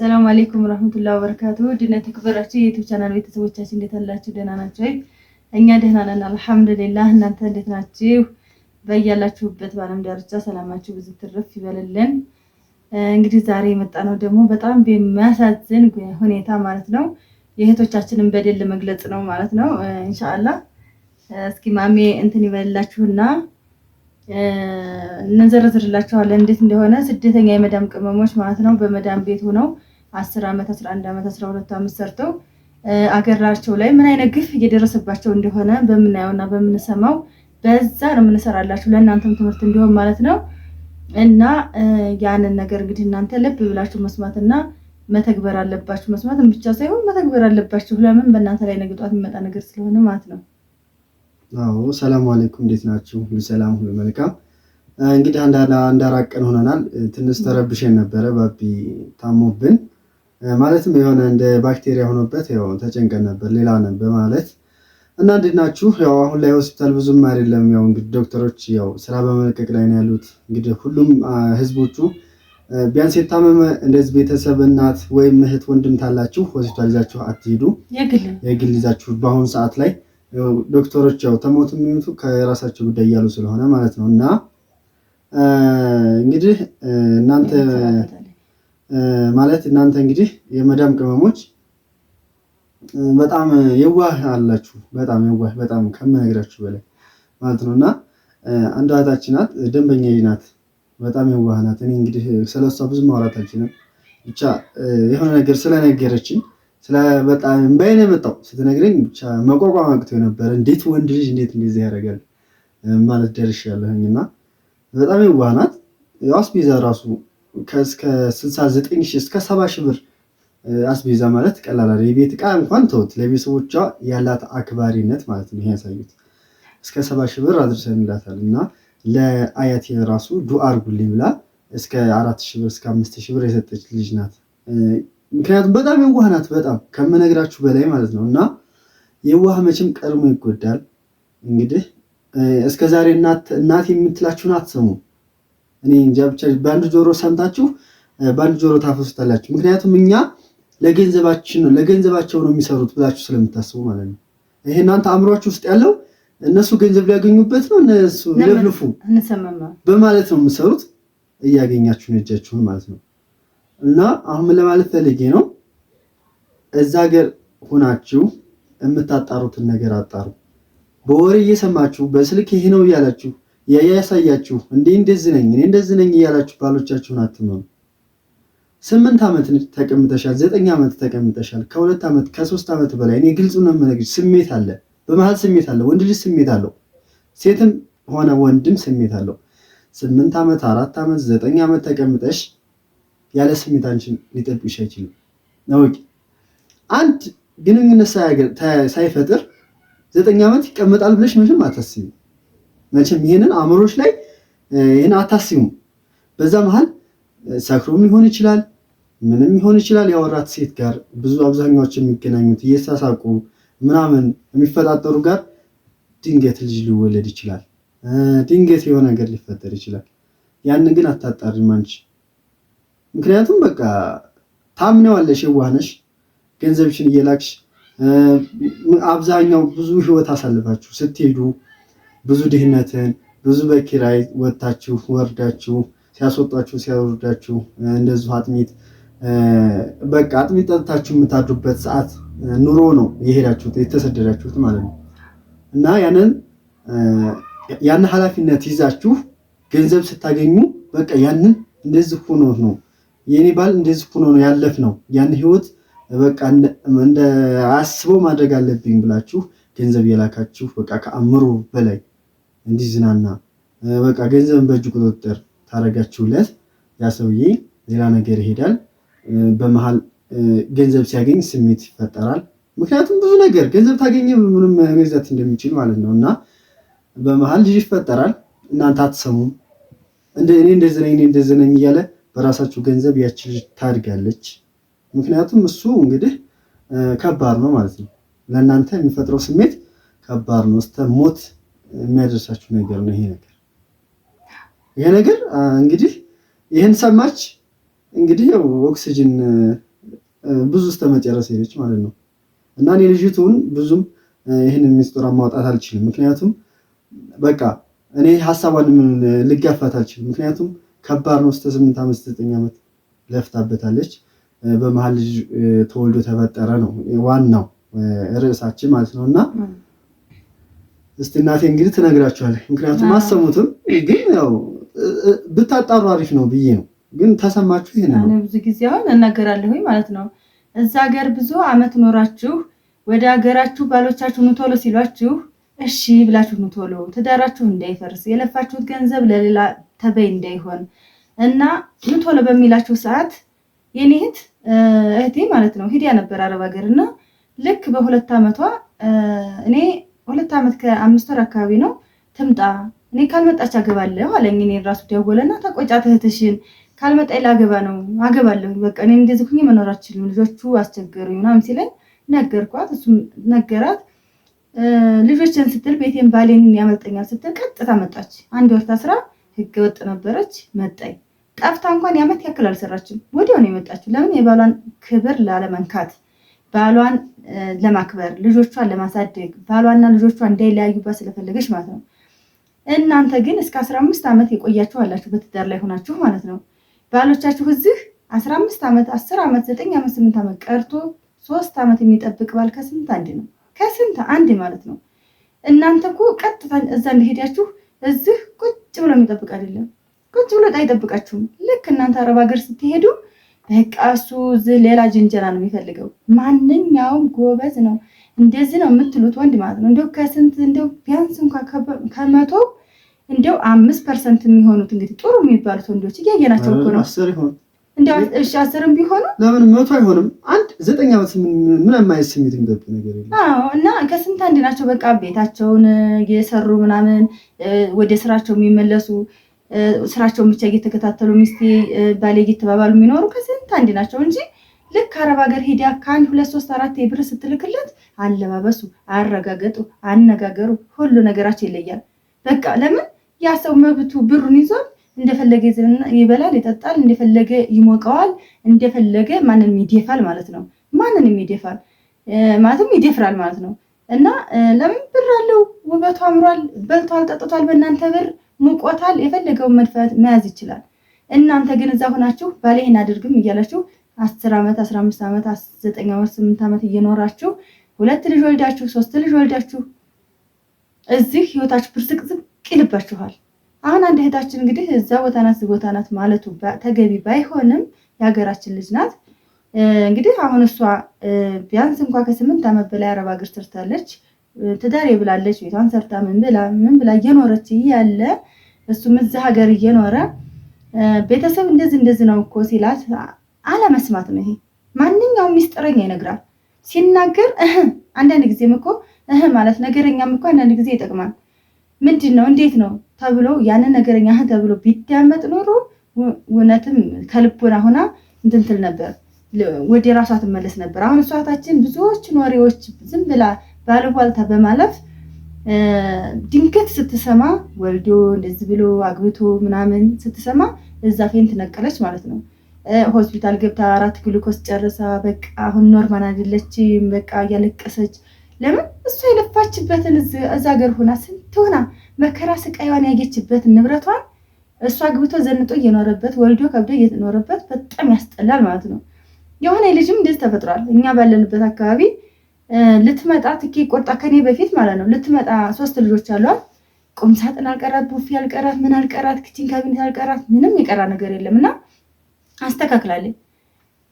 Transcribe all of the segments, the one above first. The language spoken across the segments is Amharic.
ሰላም አሌይኩም ረህመቱላሂ ወበረካቱ ድና ተክብራችሁ የዩቲዩብ ቻናል ቤተሰቦቻችን እንዴት አላችሁ? ደህና ናችሁ? እኛ ደህና ነን አልሐምዱሊላህ። እናንተ እንዴት ናችሁ? በያላችሁበት በዓለም ዳርቻ ሰላማችሁ ብዙ ትርፍ ይበልልን። እንግዲህ ዛሬ የመጣ ነው ደግሞ በጣም በሚያሳዝን ሁኔታ ማለት ነው የእህቶቻችንን በደል መግለጽ ነው ማለት ነው። ኢንሻአላህ እስኪ ማሜ እንትን ይበልላችሁና እንዘረዝርላችኋለን እንዴት እንደሆነ ስደተኛ የመዳም ቅመሞች ማለት ነው በመዳም ቤት ሆነው አስር ዓመት አስራ አንድ ዓመት አስራ ሁለት ዓመት ሰርተው አገራቸው ላይ ምን አይነት ግፍ እየደረሰባቸው እንደሆነ በምናየውና በምንሰማው በዛ ነው የምንሰራላችሁ ለእናንተም ትምህርት እንዲሆን ማለት ነው። እና ያንን ነገር እንግዲህ እናንተ ልብ ብላችሁ መስማትና መተግበር አለባችሁ። መስማትን ብቻ ሳይሆን መተግበር አለባችሁ። ለምን በእናንተ ላይ ነገ ጧት የሚመጣ ነገር ስለሆነ ማለት ነው። አዎ ሰላም አለይኩም፣ እንዴት ናችሁ? ሁሉ ሰላም፣ ሁሉ መልካም። እንግዲህ አንዳራቀን ሆነናል። ትንሽ ተረብሸን ነበረ ባቢ ታሞብን ማለትም የሆነ እንደ ባክቴሪያ ሆኖበት ያው ተጨንቀን ነበር ሌላ ነን በማለት እና እንዴት ናችሁ? ያው አሁን ላይ ሆስፒታል ብዙም አይደለም። ያው እንግዲህ ዶክተሮች ያው ስራ በመለቀቅ ላይ ነው ያሉት። እንግዲህ ሁሉም ህዝቦቹ ቢያንስ የታመመ እንደዚህ ቤተሰብ እናት ወይም እህት ወንድም ታላችሁ ሆስፒታል ይዛችሁ አትሄዱ፣ የግል ይዛችሁ በአሁኑ ሰዓት ላይ ዶክተሮች ያው ተሞቱ የሚሞቱ ከራሳቸው ጉዳይ እያሉ ስለሆነ ማለት ነው እና እንግዲህ እናንተ ማለት እናንተ እንግዲህ የመዳም ቅመሞች በጣም የዋህ አላችሁ። በጣም የዋህ በጣም ከምነግራችሁ በላይ ማለት ነው። እና አንድ እህታችን ናት፣ ደንበኛ ናት፣ በጣም የዋህ ናት። እኔ እንግዲህ ስለሷ ብዙ ማውራት አልችልም። ብቻ የሆነ ነገር ስለነገረችኝ በጣም እምባዬን የመጣው ስትነግረኝ ብቻ መቋቋም አቅቶኝ ነበር። እንዴት ወንድ ልጅ እንዴት እንደዚህ ያደርጋል ማለት ደርሻለሁኝ። እና በጣም የዋህ ናት። አስቤዛ ራሱ ከእስከ 69 ሺህ እስከ 70 ሺህ ብር አስቤዛ ማለት ቀላል አይደል። የቤት ዕቃ እንኳን ተውት፣ ለቤተሰቦቿ ያላት አክባሪነት ማለት ነው። ይሄ ያሳዩት እስከ 70 ሺህ ብር አድርሰንላታል እና ለአያቴ ራሱ ዱአ አድርጉልኝ ብላ እስከ 4 ሺህ ብር እስከ 5 ሺህ ብር የሰጠች ልጅ ናት። ምክንያቱም በጣም የዋህ ናት፣ በጣም ከመነግራችሁ በላይ ማለት ነው። እና የዋህ መቼም ቀድሞ ይጎዳል። እንግዲህ እስከዛሬ እናት የምትላችሁን አትሰሙም እኔ እንጃ ብቻ በአንድ ጆሮ ሰምታችሁ በአንድ ጆሮ ታፈሱታላችሁ። ምክንያቱም እኛ ለገንዘባችን ነው ለገንዘባቸው ነው የሚሰሩት ብላችሁ ስለምታስቡ ማለት ነው። ይሄ እናንተ አእምሯችሁ ውስጥ ያለው እነሱ ገንዘብ ሊያገኙበት ነው እነሱ ለብልፉ በማለት ነው የምሰሩት። እያገኛችሁ ነው እጃችሁን ማለት ነው። እና አሁን ለማለት ፈልጌ ነው እዛ ሀገር ሆናችሁ የምታጣሩትን ነገር አጣሩ። በወሬ እየሰማችሁ በስልክ ይሄ ነው እያላችሁ ያሳያችሁ እንዲህ እንደዚህ ነኝ እኔ እንደዚህ ነኝ እያላችሁ ባሎቻችሁን አትመኑ። ስምንት ዓመት ተቀምጠሻል፣ ዘጠኝ ዓመት ተቀምጠሻል፣ ከሁለት ዓመት ከሶስት ዓመት በላይ እኔ ግልጽ ነው የምነግርሽ። ስሜት አለ፣ በመሀል ስሜት አለ። ወንድ ልጅ ስሜት አለው፣ ሴትም ሆነ ወንድም ስሜት አለው። ስምንት ዓመት አራት ዓመት ዘጠኝ ዓመት ተቀምጠሽ ያለ ስሜት አንቺን ሊጠብቅሽ አይችልም። ነውቂ አንድ ግንኙነት ሳይፈጥር ዘጠኝ ዓመት ይቀመጣል ብለሽ ምንም አታስቢ። መቼም ይሄንን አእምሮች ላይ ይህን አታስቡ። በዛ መሀል ሰክሮም ሊሆን ይችላል፣ ምንም ሊሆን ይችላል። ያወራት ሴት ጋር ብዙ አብዛኛዎች የሚገናኙት እየሳሳቁ ምናምን የሚፈጣጠሩ ጋር ድንገት ልጅ ሊወለድ ይችላል። ድንገት የሆነ ነገር ሊፈጠር ይችላል። ያንን ግን አታጣሪም አንቺ። ምክንያቱም በቃ ታምነዋለሽ፣ የዋህ ነሽ፣ ገንዘብሽን እየላክሽ አብዛኛው ብዙ ህይወት አሳልፋችሁ ስትሄዱ ብዙ ድህነትን ብዙ በኪራይ ወጥታችሁ ወርዳችሁ ሲያስወጧችሁ ሲያወርዳችሁ እንደዚሁ አጥሚት በቃ አጥሚት ጠጥታችሁ የምታድሩበት ሰዓት ኑሮ ነው የሄዳችሁት የተሰደዳችሁት ማለት ነው። እና ያንን ያን ኃላፊነት ይዛችሁ ገንዘብ ስታገኙ በቃ ያንን እንደዚህ ሆኖ ነው የኔ ባል እንደዚህ ሆኖ ነው ያለፍ ነው ያን ህይወት በቃ እንደ አስበው ማድረግ አለብኝ ብላችሁ ገንዘብ የላካችሁ በቃ ከአእምሮ በላይ እንዲዝናና በቃ ገንዘብን በእጅ ቁጥጥር ታደርጋችሁለት ያ ሰውዬ ሌላ ነገር ይሄዳል። በመሀል ገንዘብ ሲያገኝ ስሜት ይፈጠራል። ምክንያቱም ብዙ ነገር ገንዘብ ታገኘ ምንም መግዛት እንደሚችል ማለት ነው። እና በመሀል ልጅ ይፈጠራል። እናንተ አትሰሙም። እኔ እንደዘነኝ እኔ እንደዘነኝ እያለ በራሳችሁ ገንዘብ ያችል ልጅ ታድጋለች። ምክንያቱም እሱ እንግዲህ ከባድ ነው ማለት ነው። ለእናንተ የሚፈጥረው ስሜት ከባድ ነው እስከ ሞት የሚያደርሳችሁ ነገር ነው ይሄ ነገር። ይሄ ነገር እንግዲህ ይህን ሰማች እንግዲህ ያው ኦክሲጅን ብዙ እስከመጨረስ ሄደች ማለት ነው። እና እኔ ልጅቱን ብዙም ይህን ሚስጥሯ ማውጣት አልችልም። ምክንያቱም በቃ እኔ ሀሳቧን ምን ልጋፋት አልችልም። ምክንያቱም ከባድ ነው። እስከ ስምንት ዓመት ዘጠኝ ዓመት ለፍታበታለች። በመሀል ልጅ ተወልዶ ተፈጠረ ነው ዋናው ርዕሳችን ማለት ነው እና እስቲ እናቴ እንግዲህ ትነግራችኋለች። ምክንያቱም አሰሙትም ግን ያው ብታጣሩ አሪፍ ነው ብዬ ነው። ግን ተሰማችሁ? ይሄ ነው ብዙ ጊዜ አሁን እነገራለሁ ማለት ነው። እዛ ሀገር ብዙ አመት ኖራችሁ ወደ ሀገራችሁ ባሎቻችሁ ኑ ቶሎ ሲሏችሁ እሺ ብላችሁ ኑ ቶሎ፣ ትዳራችሁ እንዳይፈርስ፣ የለፋችሁት ገንዘብ ለሌላ ተበይ እንዳይሆን እና ኑ ቶሎ በሚላችሁ ሰዓት የኔ እህት እህቴ ማለት ነው ሂዲያ ነበር አረብ ሀገር እና ልክ በሁለት አመቷ እኔ ሁለት ዓመት ከአምስት ወር አካባቢ ነው። ትምጣ እኔ ካልመጣች አገባለሁ አለኝ። እኔን ራሱ ደወለና ተቆጫ እህትሽን ካልመጣኝ ላገባ ነው አገባለሁ። በቃ እኔ እንደዚህ ሁኜ መኖር አልችልም፣ ልጆቹ አስቸገሩኝ ምናምን ሲለኝ ነገርኳት። እሱም ነገራት። ልጆችን ስትል ቤቴን ባሌን ያመልጠኛል ስትል ቀጥታ መጣች። አንድ ወር ታስራ ህገ ወጥ ነበረች። መጣይ ጠፍታ እንኳን ያመት ያክል አልሰራችም። ወዲያው ነው የመጣችው። ለምን የባሏን ክብር ላለመንካት ባሏን ለማክበር ልጆቿን ለማሳደግ ባሏና ልጆቿ እንዳይለያዩባት ስለፈለገች ማለት ነው። እናንተ ግን እስከ አስራ አምስት ዓመት የቆያችሁ አላችሁ በትዳር ላይ ሆናችሁ ማለት ነው። ባሎቻችሁ እዚህ አስራ አምስት ዓመት አስር ዓመት ዘጠኝ ዓመት ስምንት ዓመት ቀርቶ ሶስት ዓመት የሚጠብቅ ባል ከስንት አንድ ነው፣ ከስንት አንድ ማለት ነው። እናንተ እኮ ቀጥታ እዛ እንደሄዳችሁ እዚህ ቁጭ ብሎ የሚጠብቅ አይደለም። ቁጭ ብሎ አይጠብቃችሁም። ልክ እናንተ አረብ ሀገር ስትሄዱ በቃ እሱ ሌላ ጅንጀና ነው የሚፈልገው። ማንኛውም ጎበዝ ነው እንደዚህ ነው የምትሉት ወንድ ማለት ነው። እንደው ከስንት እንደው ቢያንስ እንኳ ከመቶ እንደው አምስት ፐርሰንት የሚሆኑት እንግዲህ ጥሩ የሚባሉት ወንዶች እያየናቸው እኮ ነው። እሺ አስርም ቢሆኑ ለምን መቶ አይሆንም? አንድ ዘጠኝ ዓመት ምን የማየት ስሜት የሚጠጡ ነገር እና ከስንት አንድ ናቸው። በቃ ቤታቸውን የሰሩ ምናምን ወደ ስራቸው የሚመለሱ ስራቸውን ብቻ እየተከታተሉ ሚስቴ ባሌ እየተባባሉ የሚኖሩ ከስንት አንድ ናቸው እንጂ ልክ አረብ ሀገር ሄዳ ከአንድ ሁለት ሶስት አራት የብር ስትልክለት አለባበሱ፣ አረጋገጡ፣ አነጋገሩ ሁሉ ነገራቸው ይለያል። በቃ ለምን ያ ሰው መብቱ ብሩን ይዟል። እንደፈለገ ይበላል፣ ይጠጣል፣ እንደፈለገ ይሞቀዋል፣ እንደፈለገ ማንንም ይደፋል ማለት ነው። ማንንም ይደፋል ማለትም ይደፍራል ማለት ነው። እና ለምን ብር አለው፣ ውበቱ አምሯል፣ በልቷል፣ ጠጥቷል በእናንተ ብር ሙቆታል፣ የፈለገውን መድፈት መያዝ ይችላል። እናንተ ግን እዛ ሆናችሁ ባሌህን አድርግም እያላችሁ አስር ዓመት አስራ አምስት ዓመት ዘጠኝ ዓመት ስምንት ዓመት እየኖራችሁ ሁለት ልጅ ወልዳችሁ ሶስት ልጅ ወልዳችሁ እዚህ ህይወታችሁ ብርዝቅዝቅ ይልባችኋል። አሁን አንድ እህታችን እንግዲህ እዛ ቦታ ናት ቦታ ናት ማለቱ ተገቢ ባይሆንም የሀገራችን ልጅ ናት። እንግዲህ አሁን እሷ ቢያንስ እንኳ ከስምንት ዓመት በላይ አረብ ሀገር ሰርታለች። ትዳር ብላለች ቤቷን ሰርታ ምን ብላ ምን ብላ እየኖረች እያለ እሱም እዛ ሀገር እየኖረ ቤተሰብ እንደዚህ እንደዚህ ነው እኮ ሲላት አለመስማት ነው። ይሄ ማንኛውም ሚስጥረኛ ይነግራል ሲናገር አንዳንድ ጊዜም እኮ እህ ማለት ነገረኛም እኮ አንዳንድ ጊዜ ይጠቅማል። ምንድን ነው እንዴት ነው ተብሎ ያንን ነገረኛ እህ ተብሎ ቢዳመጥ ኖሮ እውነትም ከልቡና ሆና እንትን ትል ነበር፣ ወደ ራሷ ትመለስ ነበር። አሁን እሷታችን ብዙዎች ወሬዎች ዝም ብላ ባልቧልታ በማለፍ ድንገት ስትሰማ ወልዶ እንደዚህ ብሎ አግብቶ ምናምን ስትሰማ እዛ ፌንት ነቀለች ማለት ነው። ሆስፒታል ገብታ አራት ግሉኮስ ጨርሳ በቃ አሁን ኖርማል አይደለችም። በቃ እያለቀሰች ለምን እሷ የለፋችበትን እዛ ሀገር ሆና ስንት ሆና መከራ ስቃይዋን ያየችበትን ንብረቷን እሱ አግብቶ ዘንጦ እየኖረበት ወልዶ ከብዶ እየኖረበት በጣም ያስጠላል ማለት ነው። የሆነ ልጅም እንደዚህ ተፈጥሯል እኛ ባለንበት አካባቢ ልትመጣ ትኬት ቆርጣ ከኔ በፊት ማለት ነው ልትመጣ ሶስት ልጆች አሏት። ቁም ሳጥን አልቀራት፣ ቡፌ አልቀራት፣ ምን አልቀራት፣ ክችን ካቢኔት አልቀራት፣ ምንም የቀራ ነገር የለም። እና አስተካክላለች።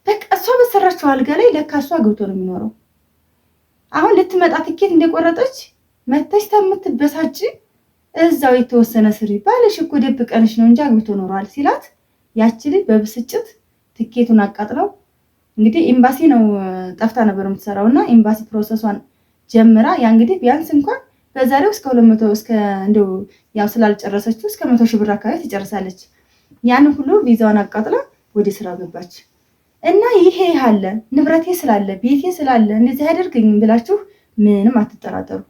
በቃ እሷ በሰራችው አልጋ ላይ ለካ እሷ ገብቶ ነው የሚኖረው። አሁን ልትመጣ ትኬት እንደቆረጠች መተሽ ተምትበሳጭ እዛው የተወሰነ ስሪ ባለሽ እኮ ደብቀንሽ ነው እንጂ አግብቶ ኖሯል ሲላት ያች ልጅ በብስጭት ትኬቱን አቃጥለው እንግዲህ ኤምባሲ ነው ጠፍታ ነበር የምትሰራው እና ኤምባሲ ፕሮሰሷን ጀምራ ያ እንግዲህ ቢያንስ እንኳን በዛሬው እስከ ሁለት መቶ እስከ እንደው ያው ስላልጨረሰችው እስከ መቶ ሺህ ብር አካባቢ ትጨርሳለች። ያን ሁሉ ቪዛውን አቃጥላ ወደ ስራ ገባች እና ይሄ ያለ ንብረቴ ስላለ ቤቴ ስላለ እንደዚህ አያደርገኝም ብላችሁ ምንም አትጠራጠሩ።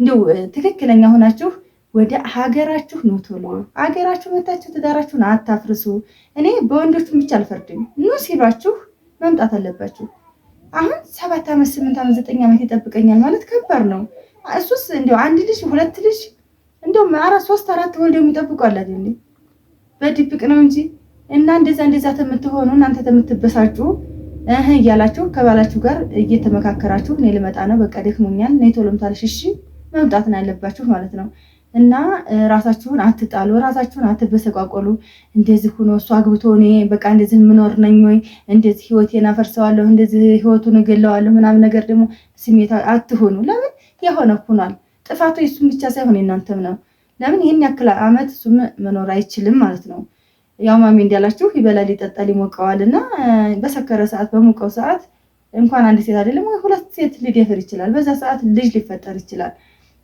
እንደው ትክክለኛ ሆናችሁ ወደ ሀገራችሁ ነው ቶሎ ሀገራችሁ መታችሁ ትዳራችሁን አታፍርሱ። እኔ በወንዶቹም ብቻ አልፈርድም ኑ ሲሏችሁ መምጣት አለባችሁ። አሁን ሰባት ዓመት ስምንት ዓመት ዘጠኝ ዓመት ይጠብቀኛል ማለት ከባድ ነው። እሱስ እንዲ አንድ ልጅ ሁለት ልጅ እንዲያውም አራት ሶስት አራት ወልደው የሚጠብቁ አላት አይደል? በድብቅ ነው እንጂ እና እንደዛ እንደዛ ተምትሆኑ እናንተ ተምትበሳጩ እህ እያላችሁ ከባላችሁ ጋር እየተመካከራችሁ እኔ ልመጣ ነው በቃ ደክሞኛል፣ ነይ ቶሎ ምታለሽ እሺ መምጣትን ያለባችሁ ማለት ነው። እና ራሳችሁን አትጣሉ፣ ራሳችሁን አትበሰቋቆሉ። እንደዚህ ሆኖ እሱ አግብቶ እኔ በቃ እንደዚህ ምኖር ነኝ ወይ እንደዚህ ህይወቴን አፈርሰዋለሁ፣ እንደዚህ ህይወቱን እገለዋለሁ ምናምን ነገር ደግሞ ስሜት አትሆኑ። ለምን የሆነ ሆኗል። ጥፋቱ የሱም ብቻ ሳይሆን የእናንተም ነው። ለምን ይህን ያክል አመት እሱም መኖር አይችልም ማለት ነው። ያው ማሚ እንዳላችሁ ይበላል፣ ይጠጣል፣ ይሞቀዋል እና በሰከረ ሰዓት በሞቀው ሰዓት እንኳን አንድ ሴት አይደለም ወይ ሁለት ሴት ሊደፍር ይችላል። በዛ ሰዓት ልጅ ሊፈጠር ይችላል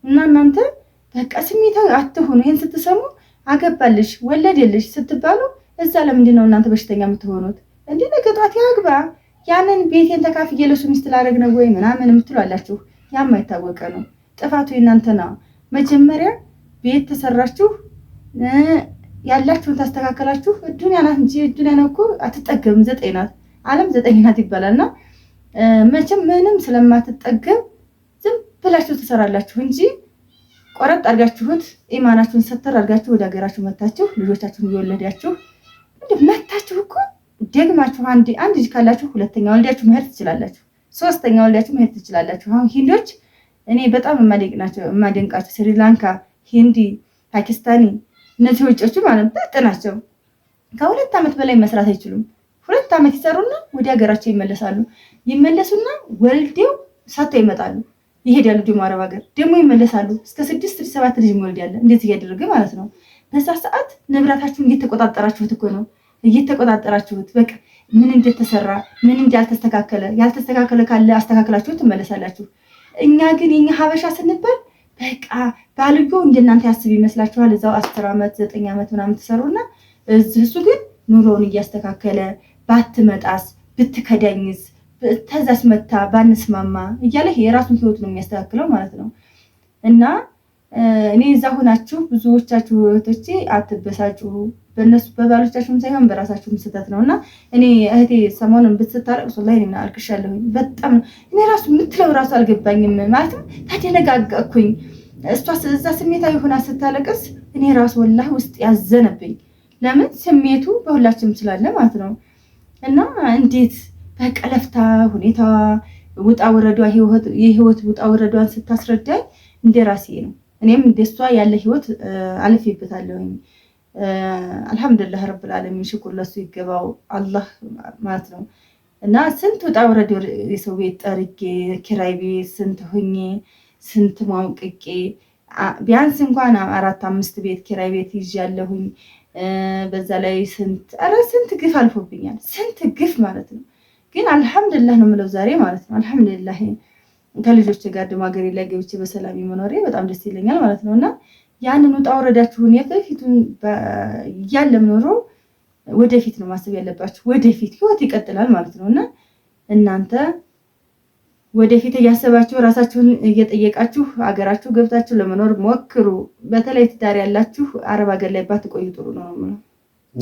እና እናንተ በቃ ስሜታዊ አትሆኑ። ይህን ስትሰሙ አገባልሽ ወለደልሽ ስትባሉ እዛ ለምንድን ነው እናንተ በሽተኛ የምትሆኑት? እንደ ነገ ጧት ያግባ ያንን ቤቴን ተካፍዬ ለሱ ሚስት ላደርግ ነው ወይ ምናምን የምትሉ አላችሁ። ያም አይታወቀ ነው ጥፋቱ የእናንተ ነው። መጀመሪያ ቤት ተሰራችሁ ያላችሁን ታስተካከላችሁ። እዱንያ ናት እንጂ እዱንያ ነው እኮ አትጠገብም። ዘጠኝ ናት ዓለም ዘጠኝ ናት ይባላልና መቼም ምንም ስለማትጠገብ ዝም ብላችሁ ትሰራላችሁ እንጂ ቆረጥ አድርጋችሁት ኢማናችሁን ሰተር አድርጋችሁ ወደ ሀገራችሁ መታችሁ ልጆቻችሁን እየወለዳችሁ መታችሁ እኮ ደግማችሁ አንድ አንድ ልጅ ካላችሁ ሁለተኛ ወልዳችሁ መሄድ ትችላላችሁ። ሶስተኛ ወልዳችሁ መሄድ ትችላላችሁ። አሁን ሂንዶች እኔ በጣም የማደንቃቸው የማደንቃቸው ስሪላንካ፣ ሂንዲ፣ ፓኪስታኒ እነዚህ ውጮቹ ማለት ብጥ ናቸው። ከሁለት ዓመት በላይ መስራት አይችሉም። ሁለት ዓመት ይሰሩና ወደ ሀገራቸው ይመለሳሉ። ይመለሱና ወልዴው ሰጥተው ይመጣሉ። ይሄዳሉ ደግሞ አረብ ሀገር ደግሞ ይመለሳሉ። እስከ ስድስት ሰባት ልጅ መወልድ ያለ እንደዚህ እያደረገ ማለት ነው። በዛ ሰዓት ንብረታችሁን እየተቆጣጠራችሁት እኮ ነው እየተቆጣጠራችሁት በቃ ምን እንደተሰራ ምን እንዳልተስተካከለ ያልተስተካከለ ካለ አስተካክላችሁ ትመለሳላችሁ። እኛ ግን የኛ ሀበሻ ስንባል በቃ ባልዮ እንደናንተ ያስብ ይመስላችኋል። እዛው አስር ዓመት ዘጠኝ ዓመት ምናምን ትሰሩና እሱ ግን ኑሮውን እያስተካከለ ባትመጣስ ብትከዳኝስ ተዛስ መታ ባንስማማ እያለ የራሱን ህይወት ነው የሚያስተካክለው ማለት ነው። እና እኔ እዛ ሆናችሁ ብዙዎቻችሁ እህቶቼ አትበሳጩ። በነሱ በባሎቻችሁም ሳይሆን በራሳችሁም ስህተት ነው እና እኔ እህቴ ሰሞኑን ብትታረቅ ላይ ና በጣም እኔ ራሱ የምትለው ራሱ አልገባኝም ማለትም ተደነጋገኩኝ። እሷ እዛ ስሜታዊ ሆና ስታለቅስ እኔ ራሱ ወላህ ውስጥ ያዘነብኝ። ለምን ስሜቱ በሁላችንም ስላለ ማለት ነው እና እንዴት በቀለፍታ ሁኔታ ውጣ ወረዷ የህይወት ውጣ ወረዷን ስታስረዳኝ እንደ ራሴ ነው። እኔም እንደሷ ያለ ህይወት አልፌበታለሁኝ። አልሐምዱላህ ረብል ዓለሚን ሽኩር ለሱ ይገባው አላህ ማለት ነው። እና ስንት ውጣ ወረድ የሰው ቤት ጠርጌ ኪራይ ቤት ስንት ሁኜ ስንት ማውቅቄ ቢያንስ እንኳን አራት አምስት ቤት ኪራይ ቤት ይዣለሁኝ። በዛ ላይ ስንት ኧረ ስንት ግፍ አልፎብኛል። ስንት ግፍ ማለት ነው። ግን አልሐምድላህ ነው የምለው ዛሬ ማለት ነው። አልሐምድላህ ከልጆች ጋር ደግሞ ሀገሬ ላይ ገብቼ በሰላም መኖሬ በጣም ደስ ይለኛል ማለት ነው። እና ያንን ውጣ ውረዳችሁን የበፊቱን እያለ ኖሮ ወደፊት ነው ማሰብ ያለባችሁ። ወደፊት ህይወት ይቀጥላል ማለት ነው እና እናንተ ወደፊት እያሰባችሁ ራሳችሁን እየጠየቃችሁ አገራችሁ ገብታችሁ ለመኖር ሞክሩ። በተለይ ትዳር ያላችሁ አረብ ሀገር ላይ ባትቆዩ ጥሩ ነው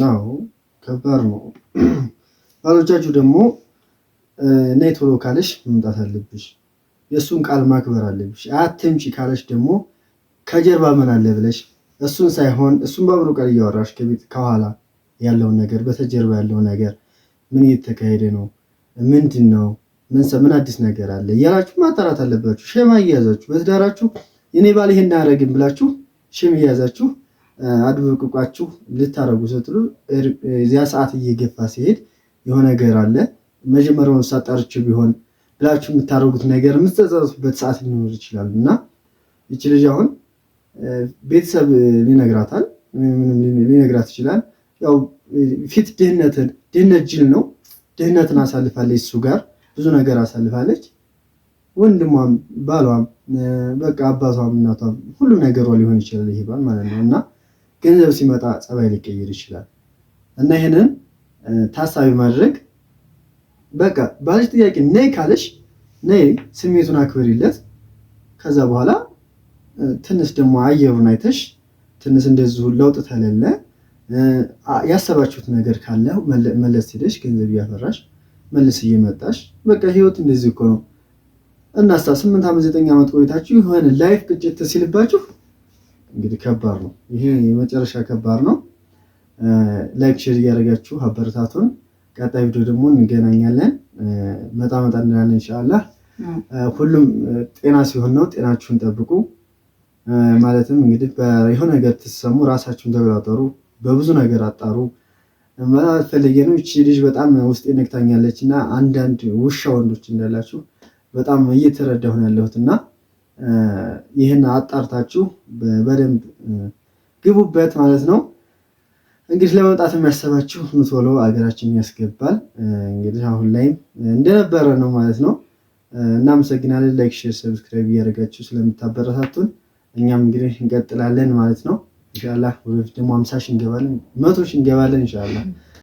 ነው ከባድ ነው። ባሎቻችሁ ደግሞ ነይ ቶሎ ካለሽ መምጣት አለብሽ። የእሱን ቃል ማክበር አለብሽ። አትምጪ ካለሽ ደግሞ ከጀርባ ምን አለ ብለሽ እሱን ሳይሆን እሱን በአብሮ ቃል እያወራሽ ከቤት ከኋላ ያለውን ነገር በተጀርባ ያለው ነገር ምን እየተካሄደ ነው? ምንድን ነው? ምን አዲስ ነገር አለ እያላችሁ ማጣራት አለባችሁ። ሼማ እያያዛችሁ በትዳራችሁ የኔ ባል ይሄን አያደርግም ብላችሁ ሼም እያያዛችሁ አድብቅቋችሁ ልታረጉ ስትሉ ያ ሰዓት እየገፋ ሲሄድ የሆነ ነገር አለ መጀመሪያውን ሳጣርች ቢሆን ብላችሁ የምታደርጉት ነገር የምትጸጸቱበት ሰዓት ሊኖር ይችላል እና ይች ልጅ አሁን ቤተሰብ ሊነግራታል ሊነግራት ይችላል። ያው ፊት ድህነትን ድህነት ጅል ነው። ድህነትን አሳልፋለች፣ እሱ ጋር ብዙ ነገር አሳልፋለች። ወንድሟም ባሏም በቃ አባቷም እናቷም ሁሉ ነገሯ ሊሆን ይችላል ይሄ ባል ማለት ነው እና ገንዘብ ሲመጣ ጸባይ ሊቀይር ይችላል እና ይህንን ታሳቢ ማድረግ በቃ ባልሽ ጥያቄ ነይ ካለሽ ነይ፣ ስሜቱን አክብሪለት። ከዛ በኋላ ትንሽ ደግሞ አየሩን አይተሽ ትንሽ እንደዚሁ ለውጥ ተለለ ያሰባችሁት ነገር ካለ መለስ ሄደሽ ገንዘብ እያፈራሽ መልስ እየመጣሽ በቃ ህይወት እንደዚህ እኮ ነው። እናስታ ስምንት ዓመት ዘጠኝ ዓመት ቆይታችሁ የሆነ ላይፍ ቅጭት ሲልባችሁ እንግዲህ ከባድ ነው። ይሄ የመጨረሻ ከባድ ነው። ላይክ ሼር እያደረጋችሁ አበረታቱን። ቀጣይ ቪዲዮ ደግሞ እንገናኛለን። መጣ መጣ እንላለን ኢንሻላህ። ሁሉም ጤና ሲሆን ነው። ጤናችሁን ጠብቁ። ማለትም እንግዲህ የሆነ ነገር ትሰሙ፣ ራሳችሁን ተቆጣጠሩ፣ በብዙ ነገር አጣሩ። ፈለጌ ነው እቺ ልጅ በጣም ውስጤ ነግታኛለች እና አንዳንድ ውሻ ወንዶች እንዳላችሁ በጣም እየተረዳሁ ነው ያለሁት እና ይህን አጣርታችሁ በደንብ ግቡበት ማለት ነው። እንግዲህ ለመምጣት የሚያሰባችሁ ቶሎ አገራችን ያስገባል። እንግዲህ አሁን ላይም እንደነበረ ነው ማለት ነው። እናመሰግናለን። ላይክ፣ ሼር፣ ሰብስክራይብ እያደረጋችሁ ስለምታበረታቱን እኛም እንግዲህ እንቀጥላለን ማለት ነው። ኢንሻላህ ወደፊት ደግሞ አምሳ ሺህ እንገባለን፣ መቶ ሺህ እንገባለን ኢንሻላህ።